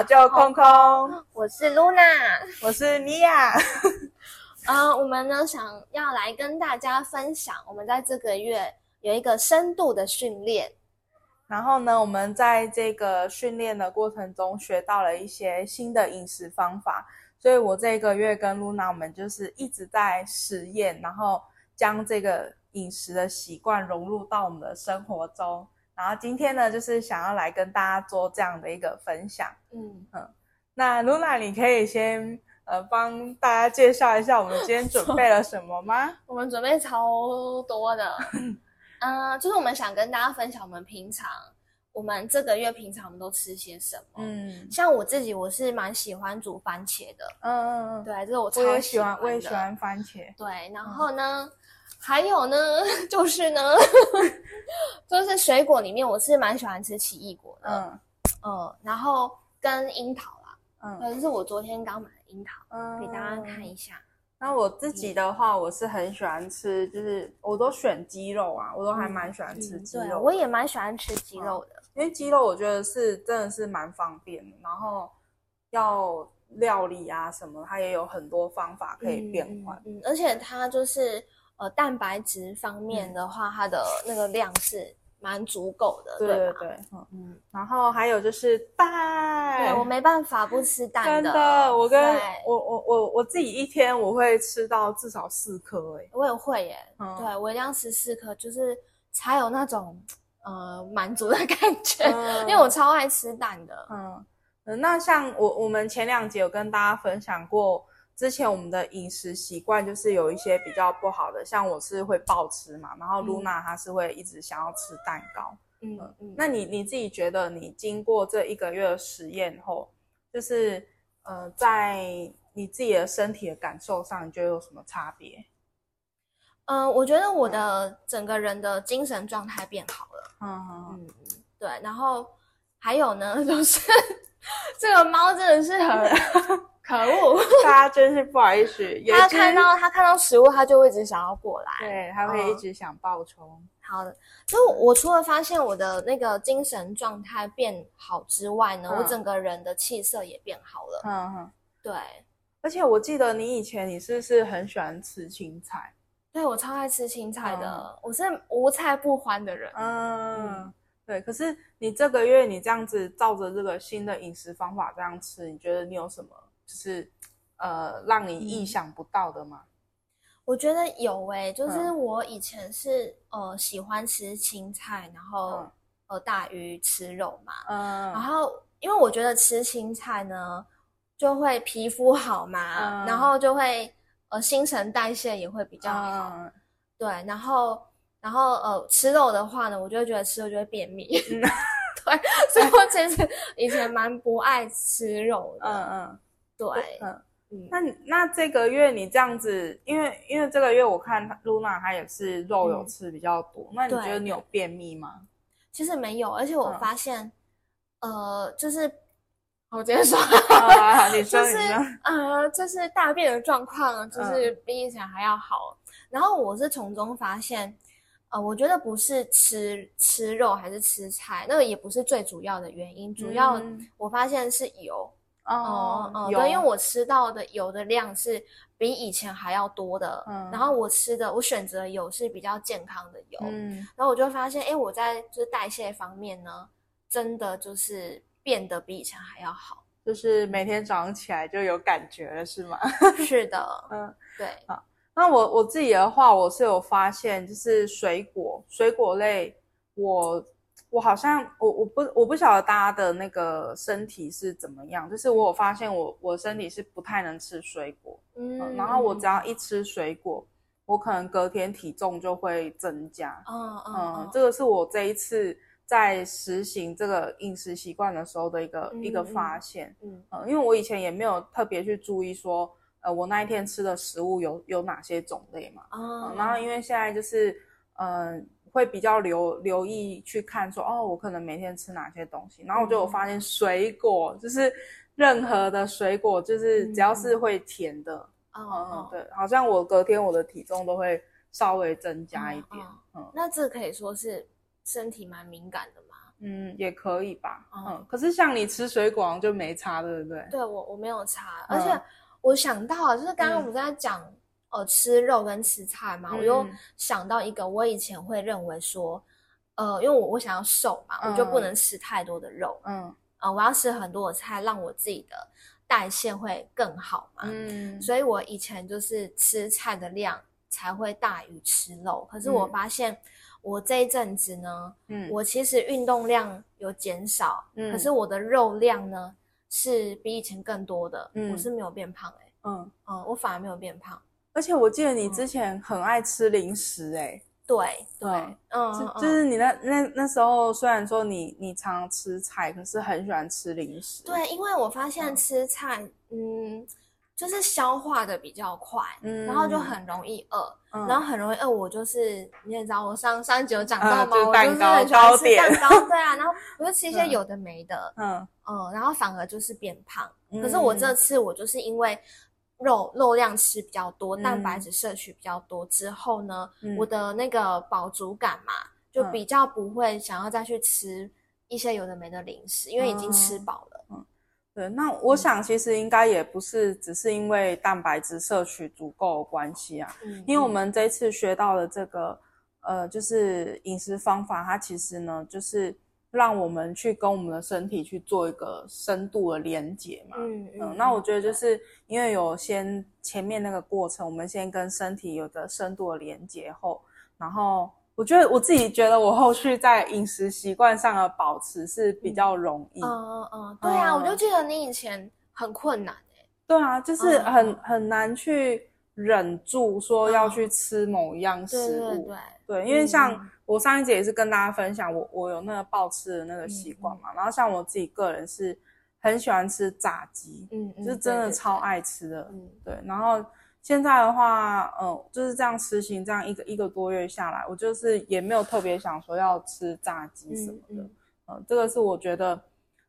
我叫空空，我是嚕那，我是尼婭。嗯， uh, 我們呢想要來跟大家分享，我們在這個月有一個深度的訓練。然後呢，我們在這個訓練的過程中學到了一些新的飲食方法，所以我這個月跟嚕那我們就是一直在實驗，然後將這個飲食的習慣融入到我們的生活中。然後今天呢，就是想要來跟大家做這樣的一個分享。嗯，嗯那嚕那，你可以先呃幫大家介紹一下我們今天準備了什麼嗎？ 我們準備超多的，嗯、呃，就是我們想跟大家分享我們平常，我們這個月平常我們都吃些什麼。嗯，像我自己，我是蠻喜歡煮番茄的。嗯嗯嗯，對，是、這個、我超喜歡的，我也喜歡，我也喜歡番茄。對，然後呢？嗯還有呢，就是呢，呵呵就是水果裡面，我是蠻喜歡吃奇異果的，嗯嗯，然後跟櫻桃啦，嗯，可能是我昨天剛買的櫻桃，嗯，給大家看一下。那我自己的話，我是很喜歡吃，嗯、就是我都選雞肉啊，我都還蠻喜歡吃雞肉、嗯嗯。對、啊，我也蠻喜歡吃雞肉的，嗯、因為雞肉我覺得是真的是蠻方便，然後要料理啊什麼，它也有很多方法可以變換、嗯嗯，而且它就是。呃，蛋白質方面的話，嗯、它的那個量是蠻足夠的，對對對，嗯吧嗯。然後還有就是蛋，對我沒辦法不吃蛋的。真的，我跟對我我我我自己一天我會吃到至少四顆、欸，誒，我也會、欸，哎、嗯，對，我一定要吃四顆，就是才有那種呃滿足的感覺，嗯、因為我超愛吃蛋的。嗯，嗯，那像我我們前兩集有跟大家分享過。之前我們的飲食習慣就是有一些比較不好的，像我是會暴吃嘛，然後露娜她是會一直想要吃蛋糕。嗯嗯，嗯嗯，那你你自己覺得你經過這一個月的實驗後，就是呃，在你自己的身體的感受上，你覺得有什麼差別？嗯、呃、我覺得我的整個人的精神狀態變好了。嗯嗯嗯，嗯對，然後還有呢，就是 這個貓真的是很。嗯可惡，他真是不好意思。他看到他看到食物，他就會一直想要過來。對他會一直想暴衝。Oh. 好的，就我,我除了發現我的那個精神狀態變好之外呢，嗯、我整個人的氣色也變好了。嗯嗯哼，對。而且我記得你以前你是不是很喜歡吃青菜？對，我超愛吃青菜的，嗯、我是無菜不歡的人。嗯，嗯對。可是你這個月你這樣子照着這個新的飲食方法這樣吃，你覺得你有什麼？就是，呃，讓你意想不到的嗎？我覺得有誒、欸，就是我以前是，嗯、呃喜歡吃青菜，然後、嗯、呃大於吃肉嘛。嗯。然後，因為我覺得吃青菜呢，就會皮膚好嘛，嗯、然後就會呃新陳代謝也會比較好。嗯、對，然後，然後呃吃肉的話呢，我就會覺得吃肉就會便秘。嗯、 對， 所以我其實以前蠻不愛吃肉的。嗯嗯。嗯對，嗯，那那這個月你這樣子，因為因為這個月我看 Luna 她也是肉有吃比較多，嗯、那你覺得你有便秘嗎？對其實沒有，而且我發現，嗯、呃，就是我直接說，你說、嗯 啊、你說，啊、就是呃，就是大便的狀況，就是比以前還要好。嗯、然後我是從中發現，呃，我覺得不是吃吃肉還是吃菜，那個也不是最主要的原因，主要我發現是油。嗯哦哦，對，因為我吃到的油的量是比以前還要多的，嗯、然後我吃的我選擇的油是比較健康的油，嗯，然後我就發現，哎，我在就是代謝方面呢，真的就是變得比以前還要好，就是每天早上起來就有感覺了，是嗎？ 是的，嗯，對，啊，那我我自己的話，我是有發現，就是水果水果類我。我好像我我不我不曉得大家的那個身體是怎麼樣，就是我有發現我我身體是不太能吃水果，嗯、呃，然後我只要一吃水果，我可能隔天體重就會增加，嗯嗯、哦哦呃，這個是我這一次在實行這個飲食習慣的時候的一個、嗯、一個發現，嗯、嗯、呃、因為我以前也沒有特別去注意說，呃，我那一天吃的食物有有哪些種類嘛，啊、哦呃，然後因為現在就是，嗯、呃。會比較留留意去看說哦，我可能每天吃哪些東西，然後我就有發現水果就是任何的水果，就是只要是會甜的，嗯嗯，對，好像我隔天我的體重都會稍微增加一點，嗯，嗯、哦，那這可以說是身體蠻敏感的嘛，嗯，也可以吧，嗯，嗯，可是像你吃水果就沒差，對不對？對，我我沒有差，嗯、而且我想到、啊、就是剛剛我們在講、嗯。呃、哦，吃肉跟吃菜嘛，嗯嗯，我又想到一個，我以前會認為說，呃，因為我我想要瘦嘛，嗯、我就不能吃太多的肉，嗯，嗯，啊、呃，我要吃很多的菜，讓我自己的代謝會更好嘛，嗯，所以我以前就是吃菜的量才會大於吃肉，可是我發現我這一陣子呢，嗯，嗯，我其實運動量有減少，嗯，嗯，可是我的肉量呢是比以前更多的，嗯，嗯，我是沒有變胖、欸，誒。嗯，嗯，啊、嗯，我反而沒有變胖。而且我記得你之前很愛吃零食，哎，對對，嗯，就是你那那那時候雖然說你你常吃菜，可是很喜歡吃零食。對，因為我發現吃菜，嗯，就是消化的比較快，然後就很容易餓，然後很容易餓。我就是你也知道，我上上一集有講到嗎？我就是很喜歡吃蛋糕，對啊，然後我就吃一些有的沒的，嗯嗯，然後反而就是變胖。可是我這次我就是因為。肉肉量吃比較多，蛋白質攝取比較多，嗯、之後呢，我的那個飽足感嘛，嗯，就比較不會想要再去吃一些有的沒的零食，嗯，因為已經吃飽了。嗯，對，那我想其實應該也不是只是因為蛋白質攝取足夠的關係啊，嗯，因為我們這一次學到的這個呃，就是飲食方法，它其實呢，就是。讓我們去跟我們的身體去做一個深度的連接嘛。嗯嗯。嗯嗯，那我覺得就是因為有先前面那個過程，我們先跟身體有個深度的連接後，然後我覺得我自己覺得我後續在飲食習慣上的保持是比較容易。嗯嗯，對啊，我就記得你以前很困難哎、欸。對啊，就是很、嗯、很難去。忍住說要去吃某一樣食物。哦，對，對，對，對嗯、因為像我上一節也是跟大家分享，我我有那個暴吃的那個習慣嘛，嗯嗯、然後像我自己個人是很喜歡吃炸雞，嗯，嗯就是真的超愛吃的，對。然後現在的話，嗯、呃，就是這樣實行這樣一個一個多月下來，我就是也沒有特別想說要吃炸雞什麼的，嗯，嗯、呃，這個是我覺得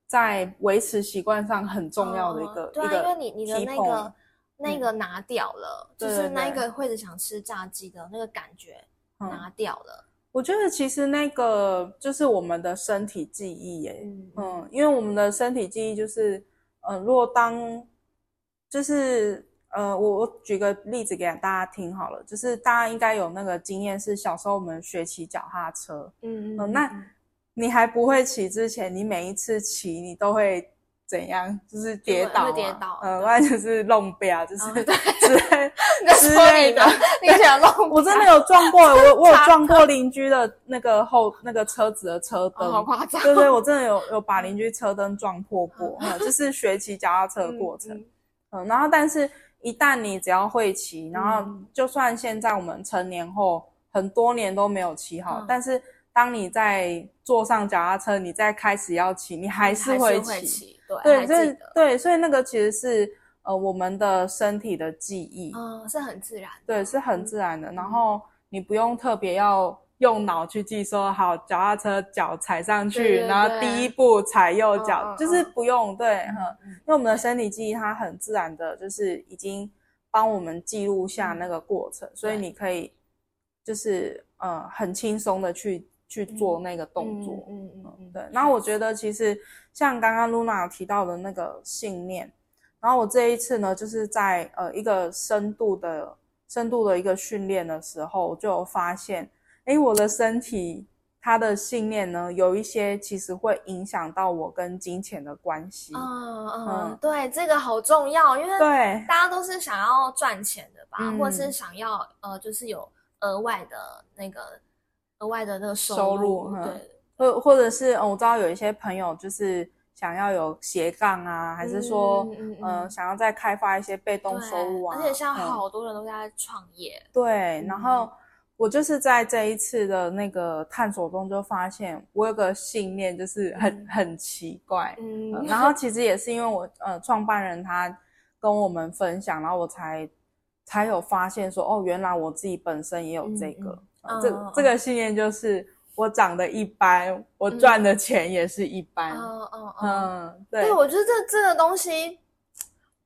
在維持習慣上很重要的一個、哦、一個。那個拿掉了，嗯、對對對，就是那一個會是想吃炸雞的那個感覺，嗯、拿掉了。我覺得其實那個就是我們的身體記憶、欸，哎，嗯，嗯，因為我們的身體記憶就是，嗯、呃，如果當就是呃，我我舉個例子給大家聽好了，就是大家應該有那個經驗，是小時候我們學騎腳踏車，嗯嗯，呃，那你還不會騎之前，你每一次騎你都會。怎樣？就是跌倒，嗯，完全就是弄啊，就是之類之類的。你想弄？我真的有撞過，我我有撞過鄰居的那個後那個車子的車燈，好誇張，對不對？我真的有有把鄰居車燈撞破過，就是學騎腳踏車的過程。嗯，然後但是一旦你只要會騎，然後就算現在我們成年後很多年都沒有騎好，但是，當你在坐上腳踏車，你再開始要騎，你還是會騎，你還是會騎，對，這是對，對，所以那個其實是呃我們的身體的記憶，嗯，是很自然的，對，是很自然的。然後你不用特別要用腦去記說，說、嗯、好腳踏車腳踩上去，對對對，然後第一步踩右腳，對對對，就是不用，對，哈，嗯、因為我們的身體記憶它很自然的，就是已經幫我們記錄下那個過程，對所以你可以就是呃很輕鬆的去。去做那個動作嗯，嗯嗯，嗯對。那我覺得其實像剛剛嚕那提到的那個信念，然後我這一次呢，就是在呃一個深度的深度的一個訓練的時候，就發現，哎、欸，我的身體它的信念呢，有一些其實會影響到我跟金錢的關係。嗯、呃、嗯，對，這個好重要，因為對。大家都是想要賺錢的吧，嗯、或者是想要呃，就是有額外的那個。額外的那個收入，收入對，或或者是、嗯，我知道有一些朋友就是想要有斜槓啊，嗯、還是說，嗯、呃、想要再開發一些被動收入啊。而且，像好多人都在創業。嗯、對，然後、嗯、我就是在這一次的那個探索中，就發現我有個信念，就是很、嗯、很奇怪。嗯、呃。然後其實也是因為我，呃，創辦人他跟我們分享，然後我才才有發現說，哦，原來我自己本身也有這個。嗯嗯 Uh，這這個信念就是我長得一般，嗯、我賺的錢也是一般。嗯嗯、uh, uh, uh, 嗯，對，對。我覺得這這個東西，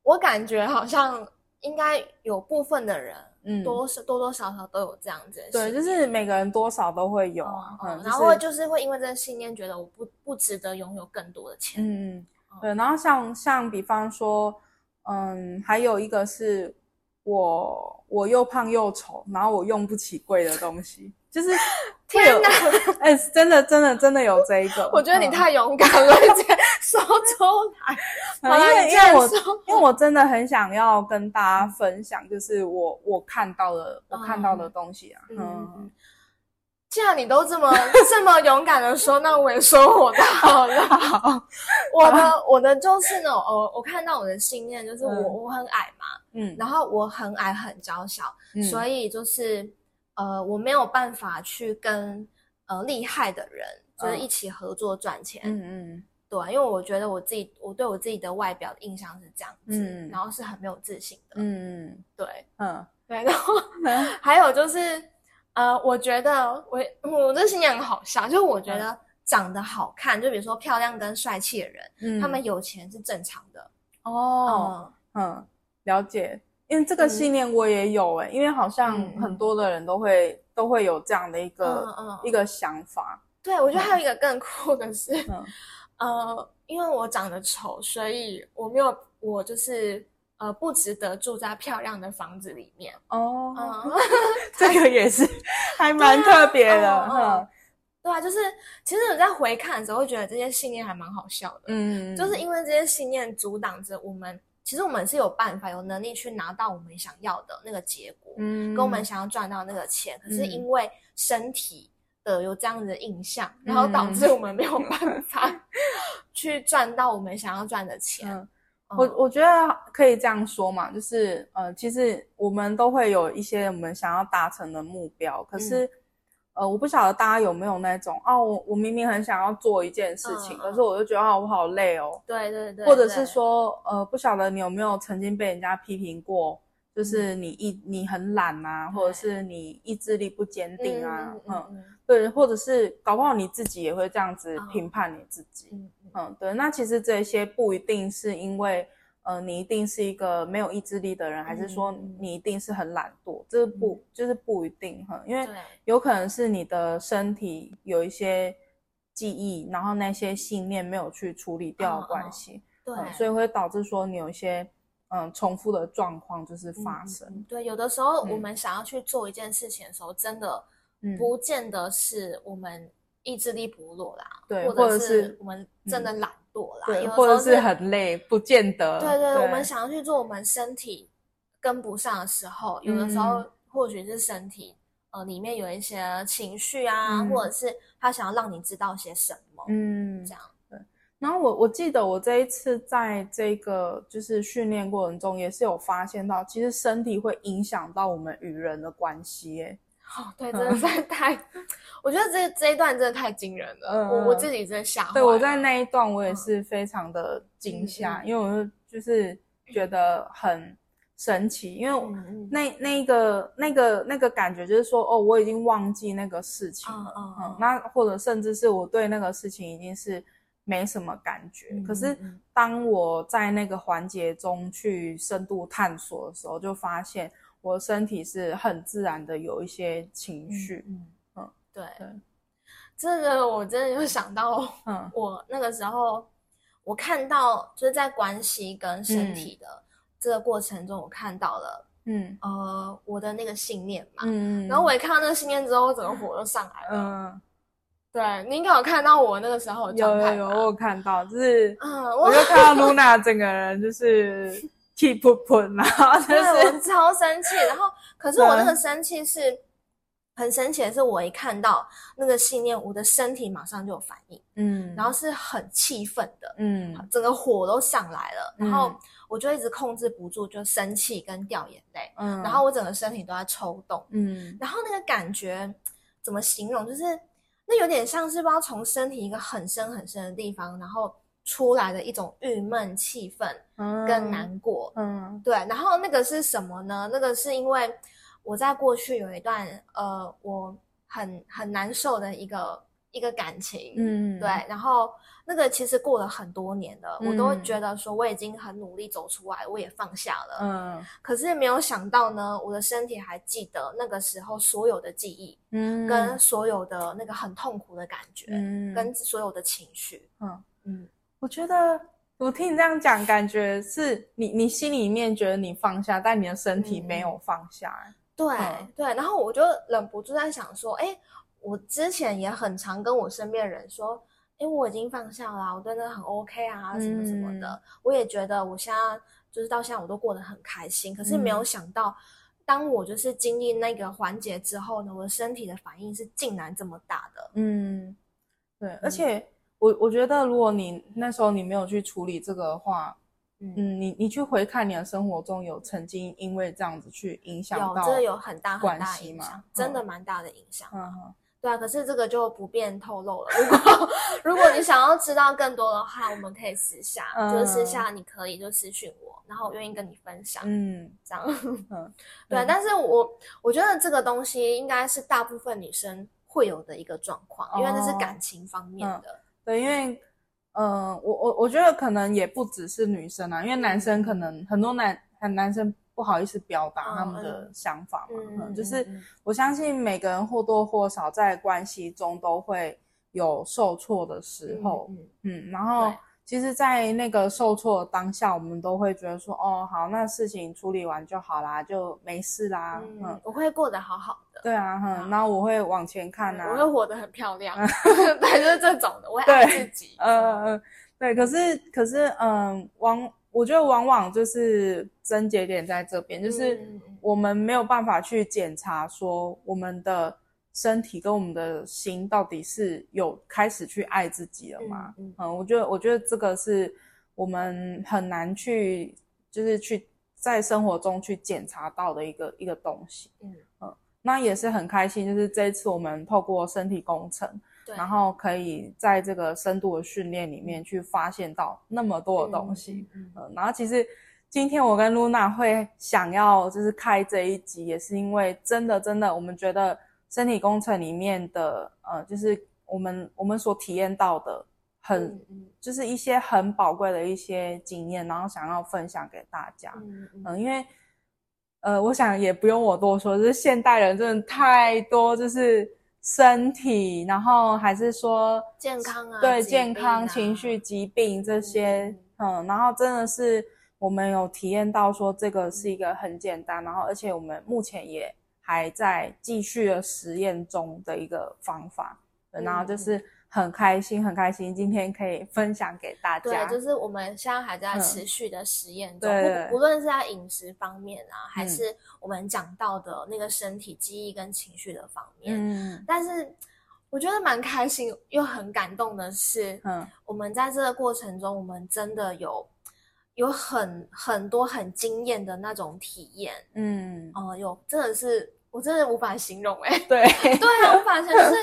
我感覺好像應該有部分的人，嗯，多多多少少都有這樣子。對，就是每個人多少都會有，然後就是會因為這個信念，覺得我不不值得擁有更多的錢。嗯，對。然後像像比方說，嗯，還有一個是。我我又胖又醜，然後我用不起貴的東西，就是 天哪！有欸、真的真的真的有這一個， 我覺得你太勇敢了，直、嗯、 說出來難、 嗯，因為我， 因為我因為我真的很想要跟大家分享，就是我我看到的我看到的東西啊，嗯。嗯既然你都這麼這麼勇敢的說，那我也說我的好了。我的我的就是呢，我，我看到我的信念就是我我很矮嘛，嗯，然後我很矮很嬌小，所以就是呃，我沒有辦法去跟呃厲害的人就是一起合作賺錢，嗯嗯，對，因為我覺得我自己我對我自己的外表的印象是這樣子，然後是很沒有自信的，嗯，對，嗯對，然後還有就是。.呃，uh, 我覺得我我這信念很好笑，就是我覺得長得好看，嗯、就比如說漂亮跟帥氣的人，嗯、他們有錢是正常的。哦，嗯，嗯，嗯，了解，因為這個信念我也有誒、欸，因為好像很多的人都會、嗯、都會有這樣的一個、嗯嗯嗯、一個想法。對，我覺得還有一個更酷的是，嗯嗯嗯、呃，因為我長得醜，所以我沒有我就是。呃，不值得住在漂亮的房子裡面哦。嗯、這個也是他還蠻特別的，對啊，就是其實我在回看的時候，會覺得這些信念還蠻好笑的。嗯，就是因為這些信念阻擋着我們，其實我們是有辦法、有能力去拿到我們想要的那個結果，嗯、跟我們想要賺到那個錢。嗯、可是因為身體的有這樣子的印象，嗯、然後導致我們沒有辦法去賺到我們想要賺的錢。嗯我我覺得可以這樣說嘛，就是，呃，其實我們都會有一些我們想要達成的目標，可是，嗯、呃，我不曉得大家有沒有那種啊，我我明明很想要做一件事情，嗯、可是我就覺得啊，我好累哦。對，對對對。或者是說，呃，不曉得你有沒有曾經被人家批評過，就是你意你很懶啊，嗯、或者是你意志力不堅定啊，嗯、嗯、嗯、嗯，對，或者是搞不好你自己也會這樣子評判你自己。嗯。嗯，對，那其實這些不一定是因為，呃，你一定是一個沒有意志力的人，嗯、還是說你一定是很懶惰？這是不，嗯、就是不一定哈，因為有可能是你的身體有一些記憶，對然後那些信念沒有去處理掉的關係，哦哦對、嗯，所以會導致說你有一些嗯、呃、重複的狀況就是發生、嗯。對，有的時候我們想要去做一件事情的時候，真的不見得是我們、嗯。意志力薄弱啦，對或者是我們、嗯、真的懶惰啦，對或者是很累，不見得。對對，對我們想要去做，我們身體跟不上的時候，有的時候、嗯、或許是身體呃裡面有一些情緒啊，嗯、或者是他想要讓你知道些什麼，嗯，這樣。對。然後我我記得我這一次在這個就是訓練過程中，也是有發現到，其實身體會影響到我們與人的關係耶。哦，對，真的是太，嗯、我覺得這這一段真的太驚人了。嗯、我我自己真的嚇。對，我在那一段我也是非常的驚嚇，嗯、因為我就就是覺得很神奇，嗯、因為那那個那個那個感覺就是說，哦，我已經忘記那個事情了、嗯嗯嗯，那或者甚至是我對那個事情已經是沒什麼感覺。嗯、可是當我在那個環節中去深度探索的時候，就發現。我身體是很自然的有一些情緒，嗯對，這個我真的就想到，嗯，我那個時候我看到就是在關係跟身體的這個過程中，我看到了，嗯呃，我的那個信念嘛，嗯然後我也看到那個信念之後，整個火都上來了，嗯，對，你應該有看到我那個時候的狀態嗎？有有有，我有看到，就是，嗯，我又看到嚕那整個人就是。氣噗噗啊！就我超生氣，然後可是我那個生氣是，嗯、很神奇的是，我一看到那個信念，我的身體馬上就有反應，嗯，然後是很氣憤的，嗯，整個火都上來了，然後我就一直控制不住，就生氣跟掉眼淚，嗯，然後我整個身體都在抽動，嗯，然後那個感覺怎麼形容？就是那有點像是不知道從身體一個很深很深的地方，然後。出來的一種鬱悶、氣憤，跟難過，嗯，嗯對。然後那個是什麼呢？那個是因為我在過去有一段呃，我很很難受的一個一個感情，嗯，對。然後那個其實過了很多年的，嗯、我都會覺得說我已經很努力走出來，我也放下了，嗯。可是沒有想到呢，我的身體還記得那個時候所有的記憶，嗯，跟所有的那個很痛苦的感覺，嗯，跟所有的情緒，嗯嗯。嗯我覺得我聽你這樣講，感覺是你你心裡面覺得你放下，但你的身體沒有放下。嗯、對、嗯、對，然後我就忍不住在想說：“哎，我之前也很常跟我身邊的人說，哎，我已經放下啦、啊，我真的很 OK 啊，嗯、什麼什麼的。我也覺得我現在就是到現在我都過得很開心，可是沒有想到，當我就是經歷那個環節之後呢，我身體的反應是竟然這麼大的。嗯，對，嗯、而且。”我我覺得，如果你那時候你沒有去處理這個的話，嗯，嗯，你你去回看你的生活中有曾經因為這樣子去影響到有、這個有很大很大的影響，真的蠻大的影響。嗯、uh，huh. 對啊。可是這個就不便透露了。如果、uh huh. 如果你想要知道更多的話， 我們可以私下，uh huh. 就是私下你可以就私信我，然後我願意跟你分享。嗯、uh，huh. 這樣。 對。但是我我覺得這個東西應該是大部分女生會有的一個狀況，uh huh. 因為這是感情方面的。Uh huh. 對，因為，嗯、呃，我我我覺得可能也不只是女生啊，因為男生可能很多男，嗯、男生不好意思表達他們的想法嘛，嗯、就是我相信每個人或多或少在關係中都會有受挫的時候，嗯，嗯，嗯，嗯，然後。其實，在那個受挫的當下，我們都會覺得說：“哦，好，那事情處理完就好啦，就沒事啦，嗯，嗯我會過得好好的。”對啊，哼、嗯，然後我會往前看啊，嗯、我會活得很漂亮，對、嗯，就是這種的，我想自己。對嗯、呃，對，可是，可是，嗯、呃，往我覺得往往就是症結點在這邊，嗯、就是我們沒有辦法去檢查說我們的。身體跟我們的心到底是有開始去愛自己了嗎？嗯，嗯，嗯，我覺得我覺得這個是我們很難去，就是去在生活中去檢查到的一個一個東西。嗯嗯，那也是很開心，就是這一次我們透過身體工程，對然後可以在這個深度的訓練裡面去發現到那麼多的東西。嗯，嗯，嗯，嗯，然後其實今天我跟嚕那會想要就是開這一集，也是因為真的真的我們覺得。身體工程裡面的，呃，就是我們我們所體驗到的很，很、嗯、就是一些很寶貴的一些經驗，嗯、然後想要分享給大家。嗯，嗯，因為，呃，我想也不用我多說，就是現代人真的太多，就是身體，然後還是說健康啊，對，啊、健康、情緒、疾病這些，嗯，嗯，嗯，然後真的是我們有體驗到說這個是一個很簡單，然後而且我們目前也。還在繼續的實驗中的一個方法，嗯、然後就是很開心，嗯、很開心今天可以分享給大家。對，就是我們現在還在持續的實驗中，不不論、嗯、是在飲食方面啊，還是我們講到的那個身體記憶跟情緒的方面。嗯，但是我覺得蠻開心又很感動的是，嗯，我們在這個過程中，我們真的有有很很多很驚艷的那種體驗。嗯，哦、呃，有真的是。我真的無法形容哎、欸，對 對啊，無法形容，是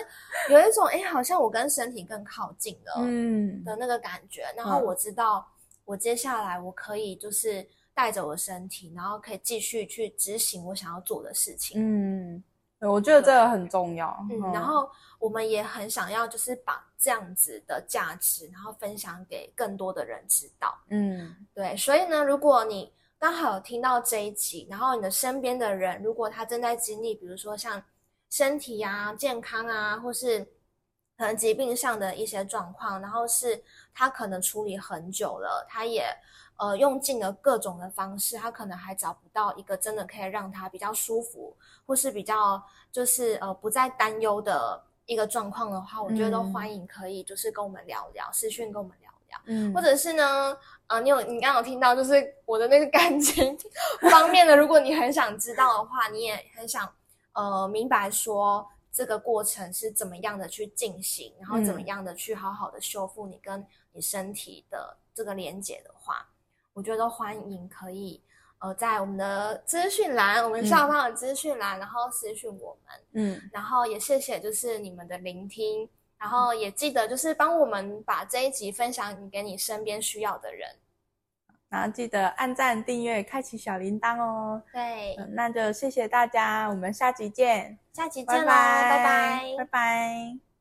有一種哎、欸，好像我跟身體更靠近了，嗯，的那個感覺。然後我知道，我接下來我可以就是帶着我的身體，然後可以繼續去執行我想要做的事情。嗯，我覺得這個很重要。對嗯，然後我們也很想要，就是把這樣子的價值，然後分享給更多的人知道。嗯，對，所以呢，如果你。剛好有聽到這一集，然後你的身邊的人，如果他正在經歷，比如說像身體啊、健康啊，或是可能疾病上的一些狀況，然後是他可能處理很久了，他也呃用盡了各種的方式，他可能還找不到一個真的可以讓他比較舒服，或是比較就是呃不再擔憂的一個狀況的話，我覺得都歡迎可以就是跟我們聊聊，嗯、私訊跟我們聊聊，嗯，或者是呢。啊，你有你剛有聽到，就是我的那個感情方面的，如果你很想知道的話， 你也很想呃明白說這個過程是怎麼樣的去進行，然後怎麼樣的去好好的修復你跟你身體的這個連接的話，我覺得都歡迎可以呃在我們的資訊欄，我們上方的資訊欄，然後私訊我們，嗯，然後也謝謝就是你們的聆聽，然後也記得就是幫我們把這一集分享給你身邊需要的人。然後記得按讚、訂閱、開啟小鈴鐺哦。對，呃，那就謝謝大家，我們下集見。下集見啦，拜拜，拜拜。拜拜，拜拜。